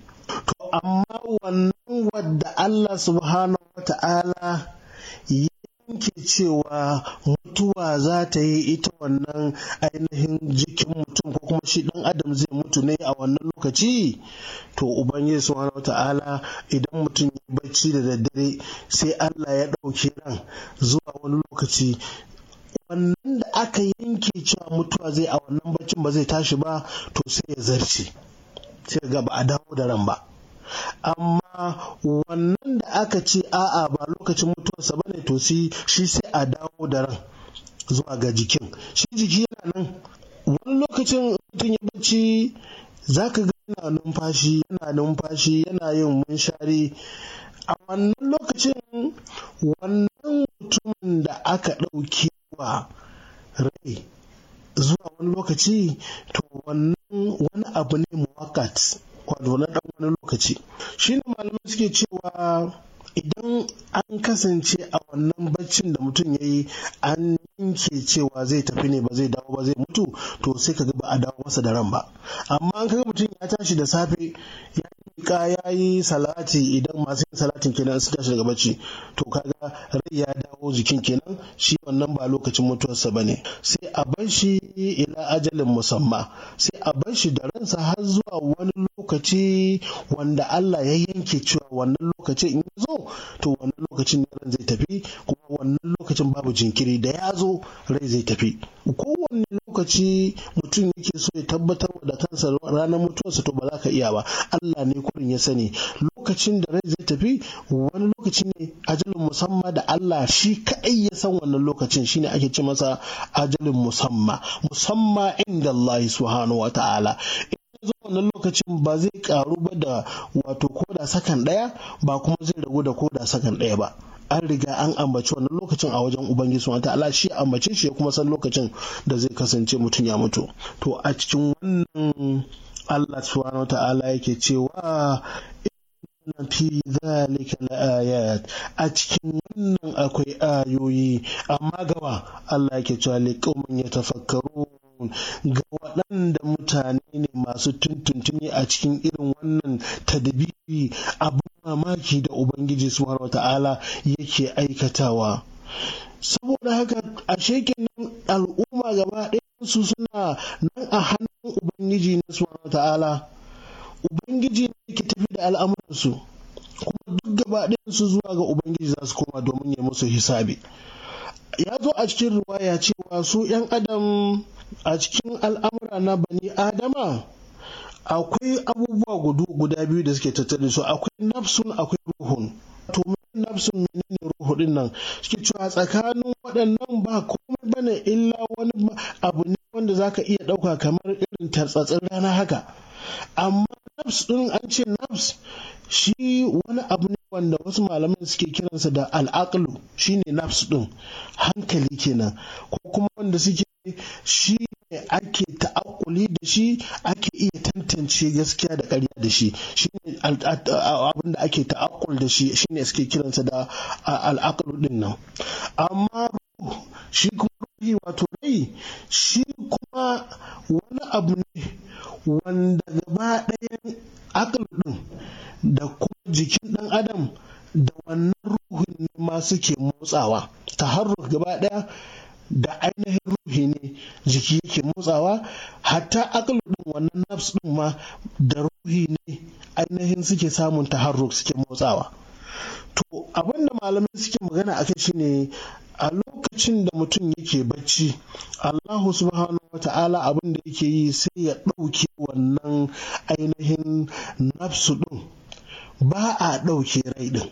to amma wannan wadda Allah subhanahu wa ta'ala ya yanke cewa mutuwa za ta yi ita wannan ainihin jikin mutum ko kuma shi ɗan adam zai mutu ne a wannan lokaci to uban yesu subhanahu wata'ala idan mutum ya bacci da daddare sai Allah ya ɗauke ran zuwa wani lokaci wannan da aka yanke cewa mutuwa zai a wannan baccin ba zai tashi ba to sai ya zarce sai ga ba a dawo da ran ba amma wannan da aka ce a'a ba lokacin mutuwarsa ba ne to shi sai a dawo da ran zuwa ga jikin shi jiki yana nan wani lokacin mutum ya bacci za ka ga yana numfashi yana numfashi yana yin munshari a wannan lokacin wannan mutumin da aka ɗauke wa rai zuwa wani lokaci to wannan wani abu ne muwakat wato na dan wani lokaci shi ne malamai suke cewa idan an kasance a wannan baccin da mutum ya yi an yanke cewa zai tafi ne ba zai dawo ba zai mutu to sai ka ga ba a dawo masa da ran ba amma an kaga mutum ya tashi da safe ya ka yi salati idan masu yin salatin kenan su tashi daga bacci to kaga rai ya dawo jikin kenan shi wannan ba lokacin mutuwarsa ba ne, sai a bar shi ila ajalin musamma sai a bar shi da ransa har zuwa wani lokaci wanda Allah ya yanke cewa wannan lokaci in ya zo to wannan lokacin ran zai tafi kuma wannan lokacin babu jinkiri da ya zo rai zai tafi kowanne lokaci mutum yake so ya tabbatar da kansa ranar mutuwarsa to ba za ka iya ba Allah ne kurin ya sani lokacin da rai zai tafi wani lokaci ne ajalin musamma da Allah shi kaɗai ya san wannan lokacin shine ake ce masa ajalin musamma musamma inda Allah subhanahu wa ta'ala zo wannan lokacin ba zai karu ba da wato koda sakan ɗaya ba kuma zai ragu da koda sakan ɗaya ba an riga an ambaci wannan lokacin a wajen ubangiji subhanahu ta'ala shi ambace shi ya kuma san lokacin da zai kasance mutum ya mutu to a cikin wannan Allah subhanahu ta'ala yake cewa fi zalika la'ayat a cikin wannan akwai ayoyi amma gaba Allah yake cewa ya tafakkaro. ga waɗanda mutane ne masu tuntuntuni a cikin irin wannan tadbiri abin mamaki da ubangiji subhanahu wata'ala yake aikatawa saboda haka ashe shekin al'umma gaba su suna nan a hannun ubangiji na subhanahu wata'ala ubangiji ne ke tafi da al'amuransu kuma duk gaba su zuwa ga ubangiji za su koma domin ya musu hisabi ya zo a cikin ruwaya cewa su 'yan adam a cikin al'amura na bani adama akwai abubuwa gudu guda biyu da suke tattare su akwai nafsun akwai ruhun to nafsun menene ruhu din nan suke cewa tsakanin waɗannan ba komai bane illa wani abu ne wanda zaka iya ɗauka kamar irin tartsatsin rana haka amma nafs din an ce nafs shi wani abu ne wanda wasu malaman suke kiransa da al'aqlu shine nafs ɗin hankali kenan ko kuma wanda suke shi ne ake ta'aƙuli da shi ake iya tantance gaskiya da ƙarya da shi shine abin da ake ta'akul da shi shine suke kiransa da al'aqlu din nan amma shi kuma wato rai shi kuma wani abu ne jikin ɗan adam da wannan ruhin ne ma suke motsawa ta taharruk gaba ɗaya da ainihin ruhi ne jiki yake motsawa hatta akalu ɗin wannan nafs ɗin ma da ruhi ne ainihin suke samun ta taharruk suke motsawa to abinda malamai suke magana a kai shine a lokacin da mutum yake bacci allahu subhanahu wa ta'ala abin da yake yi sai ya ɗauke wannan ainihin nafsu ɗin ba a ɗauke rai ɗin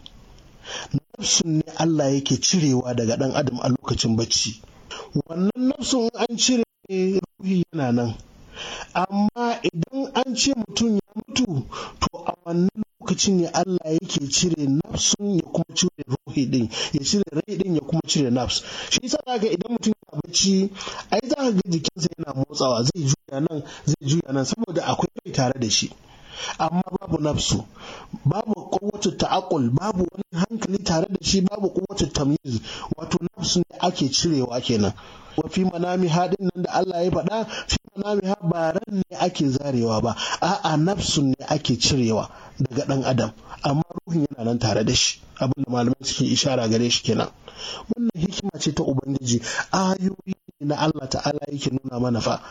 nafsun ne Allah yake cirewa daga ɗan adam a lokacin bacci wannan nafsun an cire ruhi yana nan amma idan an ce mutum ya mutu to a wannan lokacin ne Allah yake cire nafsun ya kuma cire ruhi ɗin ya cire rai ɗin ya kuma cire nafs shi yasa zaka idan mutum ya bacci ai za ka ga jikinsa yana motsawa zai juya nan zai juya nan saboda akwai rai tare da shi amma babu nafsu babu kowace ta'akul babu wani hankali tare da shi babu kowace tamyiz wato nafsu ne ake cirewa kenan wa fi manami haɗin nan da Allah ya faɗa fi manami ha ba ran ne ake zarewa ba a'a nafsu ne ake cirewa daga ɗan adam amma ruhin yana nan tare da shi abin da malamai suke ishara gare shi kenan wannan hikima ce ta ubangiji ayoyi na Allah ta'ala yake nuna mana fa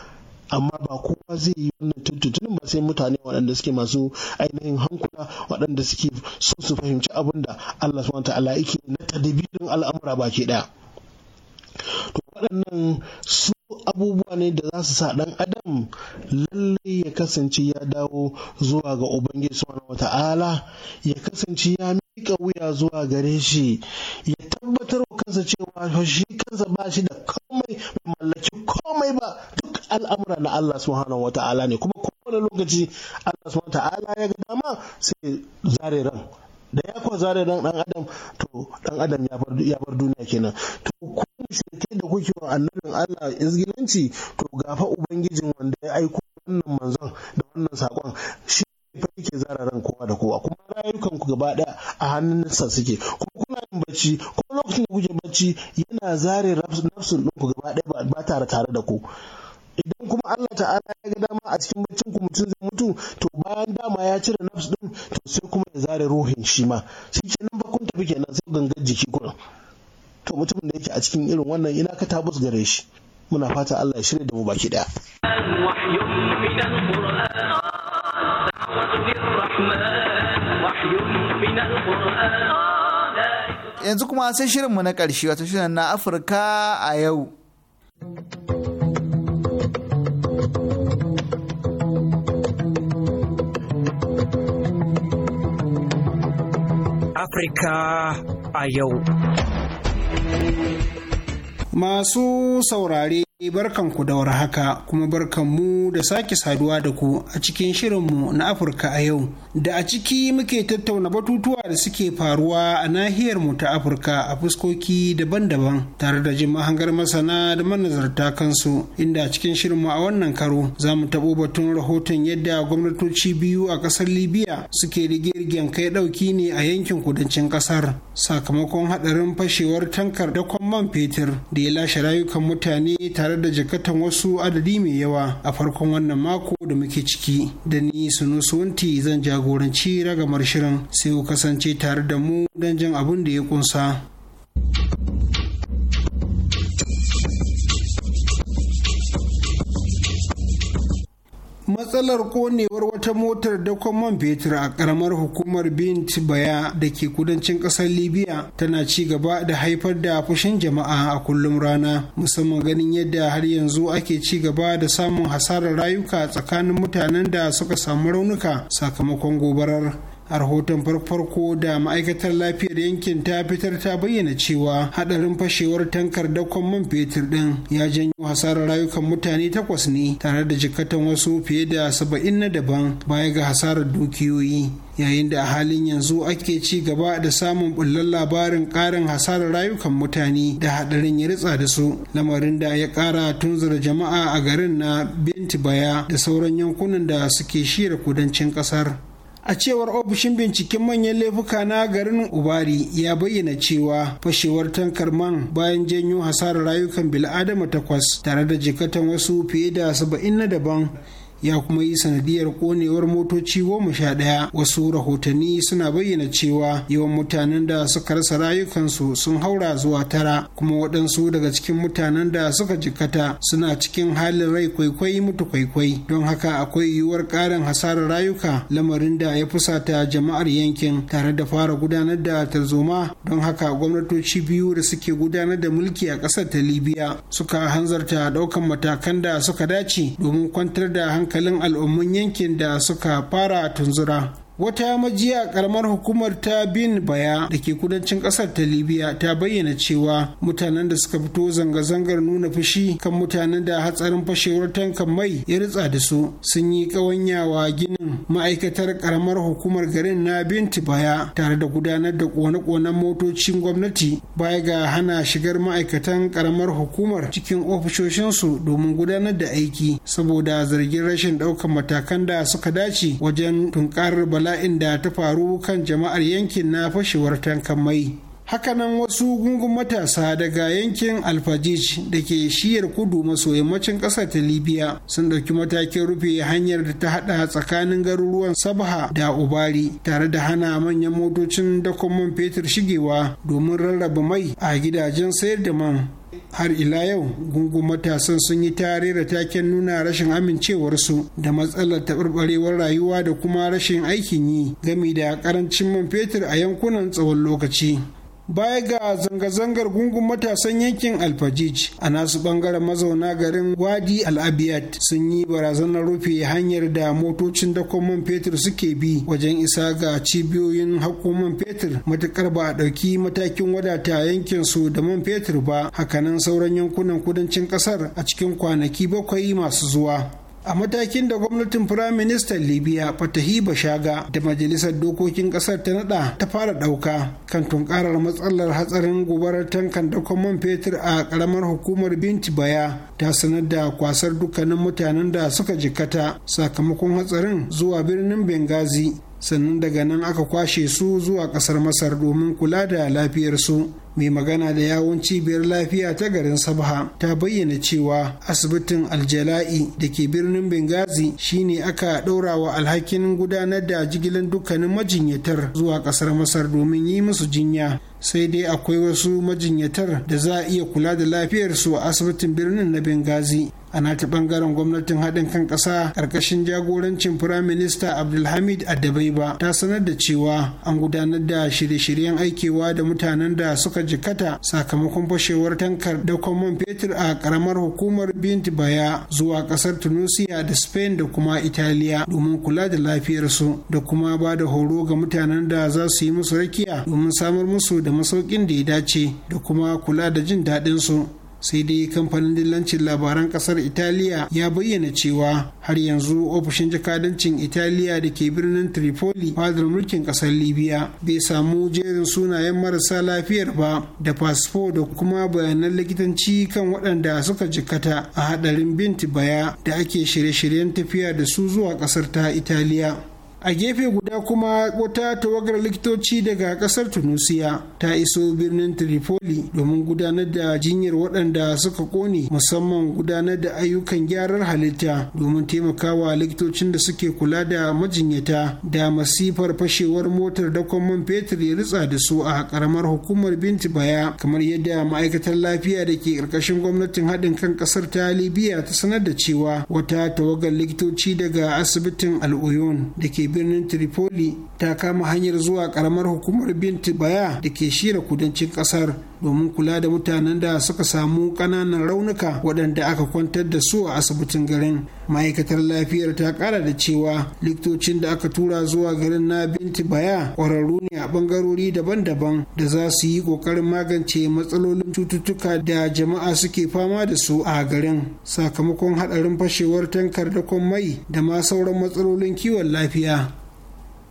amma ba kowa zai yi wannan tuntutunin ba sai mutane waɗanda suke masu ainihin hankula waɗanda suke so su fahimci abin da Allah subhanahu ta'ala yake na tadbirin al'amura baki ɗaya to waɗannan su abubuwa ne da za su sa ɗan adam lallai ya kasance ya dawo zuwa ga ubangiji subhanahu wata'ala ya kasance ya miƙa wuya zuwa gare shi ya tabbatar wa kansa cewa shi kansa ba shi da komai bai mallaki komai ba duk al'amura na Allah subhanahu wa ne kuma kowane lokaci Allah subhanahu wa ya ga dama sai zare ran da ya kuwa zare ran dan adam to dan adam ya bar duniya kenan to ku shirke da kuke wa annabin Allah izgilanci to gafa ubangijin wanda ya aiko wannan manzon da wannan sakon shi fa yake zara ran kowa da kowa kuma rayukan ku gaba daya a hannun nasa suke kuma kuna yin bacci ko lokacin da kuke bacci yana zare nafsun ku gaba daya ba tare tare da ku idan kuma Allah ta'ala ya ga dama a cikin baccin ku mutum zai mutu to bayan dama ya cire nafs din to sai kuma ya zare ruhin shi ma shikenan ba kun tafi kenan sai gangar jiki kuna to mutumin da yake a cikin irin wannan ina ka tabus gare shi muna fata Allah ya shirya da mu baki daya Yanzu kuma sai shirinmu na ƙarshe wata shirin na Afirka a yau. Afirka a yau. Masu saurare Eh, barkanku da haka, kuma mu da sake saduwa da ku a cikin shirinmu na Afirka a yau da a ciki muke tattauna batutuwa da suke faruwa a nahiyar mu ta Afirka a fuskoki daban-daban tare da jin mahangar masana da manazarta kansu inda a cikin shirinmu a wannan karo za mu taɓo batun rahoton yadda gwamnatoci biyu a ƙasar Libya suke rige kai ɗauki ne a yankin kudancin ƙasar sakamakon haɗarin fashewar tankar dakon man fetur da ya lashe rayukan mutane tare tare da jakatan wasu adadi mai yawa a farkon wannan mako da muke ciki da ni sunusunti zan jagoranci ragamar shirin sai ku kasance tare da mu don jin abin da ya kunsa. matsalar konewar wata motar dakon man fetur a karamar hukumar bint baya da ke kudancin kasar libya tana ci gaba da haifar da fushin jama'a a kullum rana musamman ganin yadda har yanzu ake ci gaba da samun hasarar rayuka tsakanin mutanen da suka samu raunuka sakamakon gobarar a rahoton farko da ma'aikatar lafiyar yankin ta fitar ta bayyana cewa hadarin fashewar tankar dakon man fetur din ya janyo hasarar rayukan mutane takwas ne tare da jikatan wasu fiye da saba'in na daban baya ga hasarar dukiyoyi yayin da a halin yanzu ake ci gaba da samun bullan labarin karin hasarar rayukan mutane da hadarin ya ritsa da su lamarin da ya kara tunzura jama'a a garin na binti baya da sauran yankunan da suke shira kudancin kasar a cewar ofishin binciken manyan laifuka na garin ubari ya bayyana cewa fashewar tankar man bayan janyo hasarar rayukan bil'adama takwas tare da jikatan wasu fiye da saba'in na daban ya kuma yi sanadiyar konewar motoci goma sha ɗaya wasu rahotanni suna bayyana cewa yawan mutanen da suka rasa rayukansu sun haura zuwa tara kuma waɗansu daga cikin mutanen da suka jikkata suna cikin halin rai kwaikwai mutu kwaikwai don haka akwai yiwuwar ƙarin hasarar rayuka lamarin da ya fusata jama'ar yankin tare da fara gudanar da tarzoma don haka gwamnatoci biyu da suke gudanar da mulki a ƙasar ta libiya suka hanzarta ɗaukan matakan da suka dace domin kwantar da hankali hankalin al'ummun yankin da suka fara tunzura wata majiya karamar hukumar ta bin baya da ke kudancin kasar ta libya ta bayyana cewa mutanen da suka fito zanga-zangar nuna fushi kan mutanen da hatsarin fashewar tankan mai ya ritsa da su sun yi kawanyawa ginin ma'aikatar karamar hukumar garin na binti baya tare da gudanar da kone-konen motocin gwamnati baya ga hana shigar ma'aikatan karamar hukumar cikin ofishoshinsu domin gudanar da aiki saboda zargin rashin ɗaukar matakan da suka dace wajen tunkar bala bala'in da ta faru kan jama'ar yankin na fashewar tankan mai hakanan wasu gungun matasa daga yankin alfajij da ke shiyar kudu maso yammacin ƙasar ta libya sun ɗauki matakin rufe hanyar da ta haɗa tsakanin garuruwan sabha da ubari tare da hana manyan motocin dakon man fetur shigewa domin rarraba mai a gidajen sayar da man har ila yau gungun matasan sun yi tare da taken nuna rashin amincewarsu da matsalar taɓarɓarewar rayuwa da kuma rashin aikin yi gami da ƙarancin man fetur a yankunan tsawon lokaci baya ga zanga-zangar gungun matasan yankin alfajij a nasu bangaren mazauna garin wadi al'abiyat sun yi barazanar rufe hanyar da motocin dakon man fetur suke bi wajen isa ga cibiyoyin hakoman fetur matukar ba a ɗauki matakin wadata yankin su da man fetur ba hakanan sauran yankunan kudancin ƙasar a cikin kwanaki bakwai masu zuwa a matakin da gwamnatin firaministan libya fatahi bashaga da majalisar dokokin kasar ta nada ta fara dauka kan tunkarar matsalar hatsarin gobarar tankan dakon man fetur a karamar hukumar binti baya ta sanar da kwasar dukkanin mutanen da suka jikkata sakamakon hatsarin zuwa birnin bengazi. sannan daga nan aka kwashe su zuwa kasar masar domin kula da lafiyarsu mai magana da yawon cibiyar lafiya ta garin sabha ta bayyana cewa asibitin aljala'i da ke birnin bengazi shine aka ɗaura wa alhakin gudanar da jigilan dukkanin majinyatar zuwa kasar masar domin yi musu jinya sai dai akwai wasu majinyatar da za a iya kula da lafiyarsu a asibitin birnin na bengazi a nata bangaren gwamnatin haɗin kan ƙasa ƙarƙashin jagorancin firaminista abdulhamid adabaiba ta sanar da cewa an gudanar da shirye-shiryen aikewa da mutanen da suka jikata sakamakon fashewar tankar da man fetur a ƙaramar hukumar bint baya zuwa ƙasar tunisia da spain da kuma italiya domin kula da lafiyarsu da kuma ba da horo ga mutanen da za su yi musu rakiya domin samar musu da masaukin da ya dace da kuma kula da jin daɗinsu sai dai kamfanin dillancin labaran kasar italiya ya bayyana cewa har yanzu ofishin jakadancin italiya da ke birnin tripoli fadar mulkin kasar libya bai samu jerin sunayen marasa lafiyar ba da fasfo da kuma bayanan likitanci kan waɗanda suka jikkata a hadarin binti baya da ake shirye-shiryen tafiya da su zuwa kasar ta italiya a gefe guda kuma wata tawagar likitoci daga kasar tunisia ta iso birnin tripoli domin gudanar da jinyar waɗanda suka kone musamman gudanar da ayyukan gyarar halitta domin taimakawa likitocin da suke kula da majinyata da masifar fashewar motar dakon man fetur ya ritsa da su a karamar hukumar binti baya kamar yadda ma'aikatar lafiya da ke ƙarƙashin gwamnatin haɗin kan ƙasar ta libya ta sanar da cewa wata tawagar likitoci daga asibitin al'uyun da ke birnin tripoli ta kama hanyar zuwa karamar hukumar bint baya da ke shira kudancin kasar domin kula da mutanen da suka samu ƙananan raunuka waɗanda aka kwantar da su a asibitin garin ma'aikatar lafiyar ta ƙara da cewa likitocin da aka tura zuwa garin na binti baya ƙwararru ne a ɓangarori daban-daban da za su yi ƙoƙarin magance matsalolin cututtuka da jama'a suke fama da su a garin sakamakon haɗarin fashewar tankar dakon mai da ma sauran matsalolin kiwon lafiya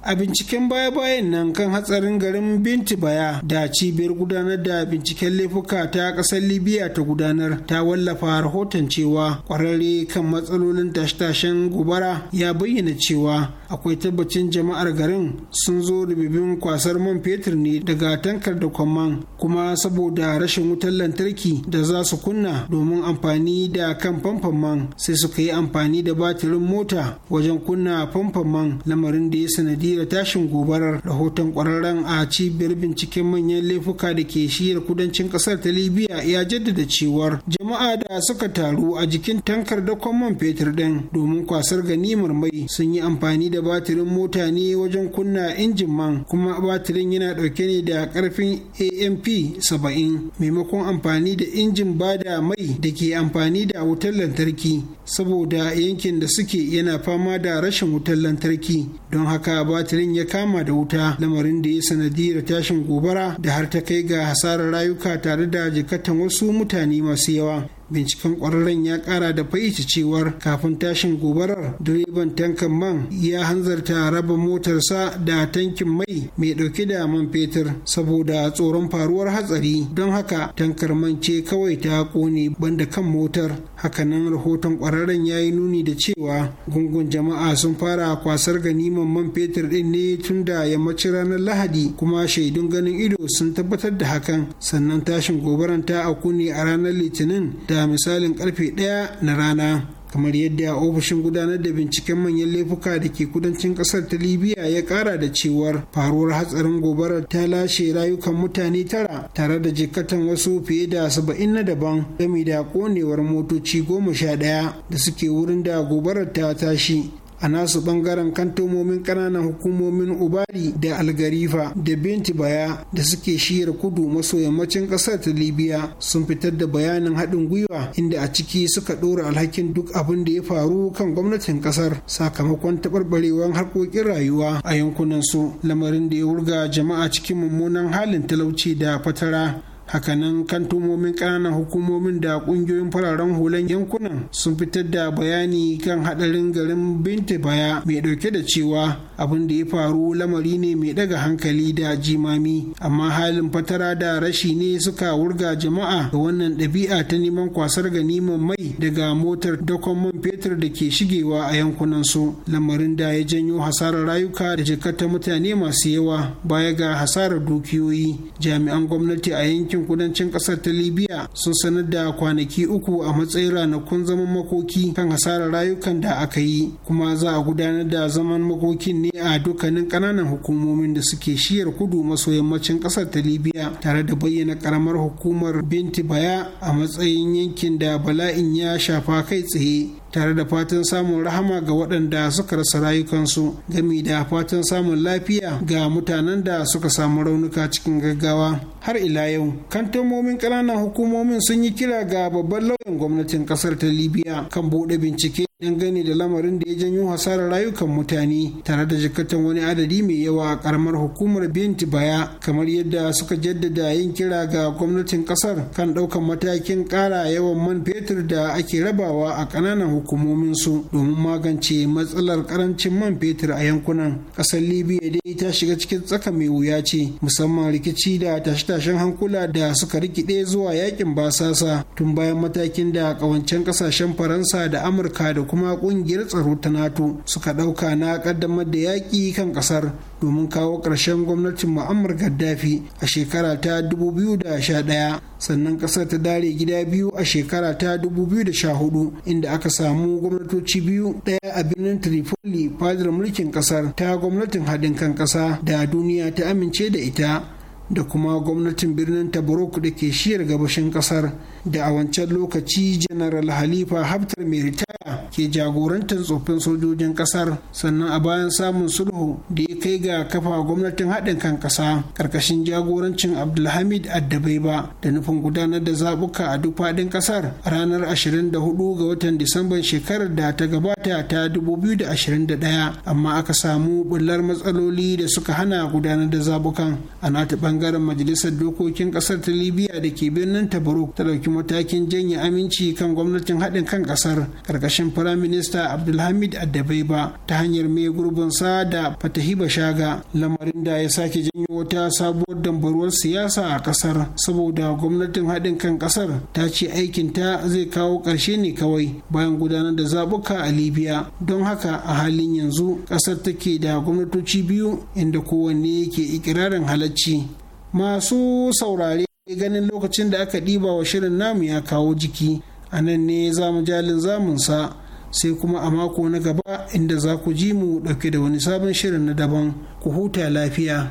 a binciken baya-bayan nan kan hatsarin garin binti baya da cibiyar gudanar da binciken laifuka ta ƙasar libya ta gudanar ta wallafa rahoton cewa ƙwararre kan matsalolin tashe-tashen gobara ya bayyana cewa akwai tabbacin jama'ar garin sun zo ribibin kwasar man fetur ne daga tankar da kwamman kuma saboda rashin wutar lantarki da za su kunna domin amfani da kan famfon man sai suka yi amfani da batirin mota wajen kunna famfon man lamarin da ya sanadiyar da tashin gobarar rahoton kwararren a cibiyar binciken manyan laifuka da ke shiyar kudancin kasar ta libya ya jaddada cewar jama'a da suka taru a jikin tankar dakon man fetur din domin kwasar ganimar mai sun yi amfani da batirin mota ne wajen kunna injin man kuma batirin yana dauke ne da karfin amp 70 maimakon amfani da injin bada mai da ke amfani da wutar lantarki saboda yankin da suke yana fama da rashin wutar lantarki don haka ba dawatirin ya kama da wuta lamarin da ya sanadiyar tashin gobara da har ta kai ga hasarar rayuka tare da jikatan wasu mutane masu yawa binciken kwararren ya kara da fahimci cewar kafin tashin gobarar direban tankan man ya hanzarta raba motarsa da tankin mai mai dauke da man fetur saboda tsoron faruwar hatsari don haka tankar man ce kawai ta kone banda kan motar hakanan rahoton kwararren ya yi nuni da cewa gungun jama'a sun fara kwasar ganiman man fetur din ne tun da yammacin ranar lahadi kuma shaidun ganin ido sun tabbatar da hakan sannan tashin gobaran ta auku ne a ranar litinin da da misalin karfe ɗaya na rana kamar yadda ofishin gudanar da binciken manyan laifuka da ke kudancin kasar ta libya ya kara da cewar faruwar hatsarin gobarar ta lashe rayukan mutane tara tare da jikatan wasu fiye da saba'in na daban gami da konewar motoci goma sha ɗaya da suke wurin da gobarar ta tashi a nasu bangaren kantomomin kananan hukumomin ubari da algarifa da binti baya da suke shiyar kudu maso yammacin kasar ta libya sun fitar da bayanin haɗin gwiwa inda a ciki suka ɗora alhakin duk abin da ya faru kan gwamnatin kasar sakamakon taɓarɓarewar harkokin rayuwa a yankunan su lamarin da ya wurga jama'a cikin mummunan halin talauci da fatara hakanan kantomomin ƙananan hukumomin da ƙungiyoyin fararen hulan yankunan sun fitar da bayani kan haɗarin garin binta baya mai ɗauke da cewa abin da ya faru lamari ne mai ɗaga hankali da jimami amma halin fatara da rashi ne suka wurga jama'a da wannan ɗabi'a ta neman kwasar ganiman mai daga motar dakon man fetur da ke shigewa a yankunan su lamarin da ya janyo hasarar rayuka da ta mutane masu yawa baya ga hasarar dukiyoyi jami'an gwamnati a yankin yankin kudancin kasar ta libya sun sanar da kwanaki uku a matsayin ranakun zaman makoki kan hasarar rayukan da aka yi kuma za a gudanar da zaman makokin ne a dukkanin kananan hukumomin da suke shiyar kudu maso yammacin kasar ta libya tare da bayyana karamar hukumar binti baya a matsayin yankin da bala'in ya shafa kai tsaye tare da fatan samun rahama ga waɗanda suka rasa rayukansu gami da fatan samun lafiya ga mutanen da suka samu raunuka cikin gaggawa har ila yau kantomomin ƙananan hukumomin sun yi kira ga babban lauyan gwamnatin ƙasar ta libya kan buɗe bincike gani da lamarin da ya janyo hasarar rayukan mutane tare da jikatan wani adadi mai yawa a karamar hukumar binti baya kamar yadda suka jaddada yin kira ga gwamnatin kasar kan daukan matakin kara yawan man fetur da ake rabawa a kananan hukumomin su domin magance matsalar karancin man fetur a yankunan kasar libya dai ta shiga cikin tsaka mai wuya ce musamman rikici da tashe-tashen hankula da suka rikide zuwa yakin basasa tun bayan matakin da kawancen kasashen faransa da amurka da kuma kungiyar tsaro ta nato suka dauka na kaddamar da yaƙi kan ƙasar domin kawo ƙarshen gwamnatin mu'ammar gaddafi a shekara ta 2011 sannan ƙasar ta dare gida biyu a shekara ta 2014 inda aka samu gwamnatoci biyu ɗaya a birnin tripoli fadar mulkin ƙasar ta gwamnatin haɗin kan ƙasa da duniya ta amince da ita da kuma gwamnatin birnin tabaruk da ke shiyar gabashin kasar da a wancan lokaci general halifa haftar mai ritaya ke jagorantar tsoffin sojojin kasar sannan a bayan samun sulhu da ya kai ga kafa gwamnatin haɗin kan ƙasa ƙarƙashin jagorancin abdulhamid addabai ba da nufin gudanar da zabuka a duk faɗin ƙasar ranar 24 ga watan disamban shekarar da ta gabata ta 2021 amma aka samu bullar matsaloli da suka hana gudanar da zaɓukan a nata bangaren majalisar dokokin kasar ta libya da ke birnin tabaruk ta dauki matakin janye aminci kan gwamnatin haɗin kan kasar karkashin minista abdulhamid addabaiba ta hanyar mai gurbin sa da fatahi bashaga lamarin da ya sake janyo wata sabuwar dambaruwar siyasa a kasar saboda gwamnatin haɗin kan kasar ta ce aikin ta zai kawo ƙarshe ne kawai bayan gudanar da zaɓuka a libya don haka a halin yanzu kasar take da gwamnatoci biyu inda kowanne yake ikirarin halacci masu saurare ganin lokacin da aka ɗiba wa shirin namu ya kawo jiki a nan ne za mu jalin zamunsa sai kuma a mako na gaba inda za ku ji mu ɗauke da wani sabon shirin na daban ku huta lafiya.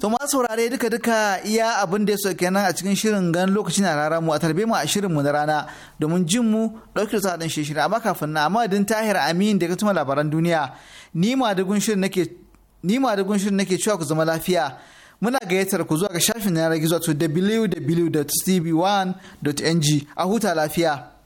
To ma saurare duka duka iya abin da ya soke nan a cikin shirin gan lokacin a rara mu a tarbe mu a shirin mu na rana domin jin mu ɗauki da shi shirin amma kafin na amma din tahir amin da kuma labaran duniya ni ma da shirin nake ni cewa ku zama lafiya muna gayyatar ku zuwa ga shafin yanar gizo to www.tv1.ng a huta lafiya.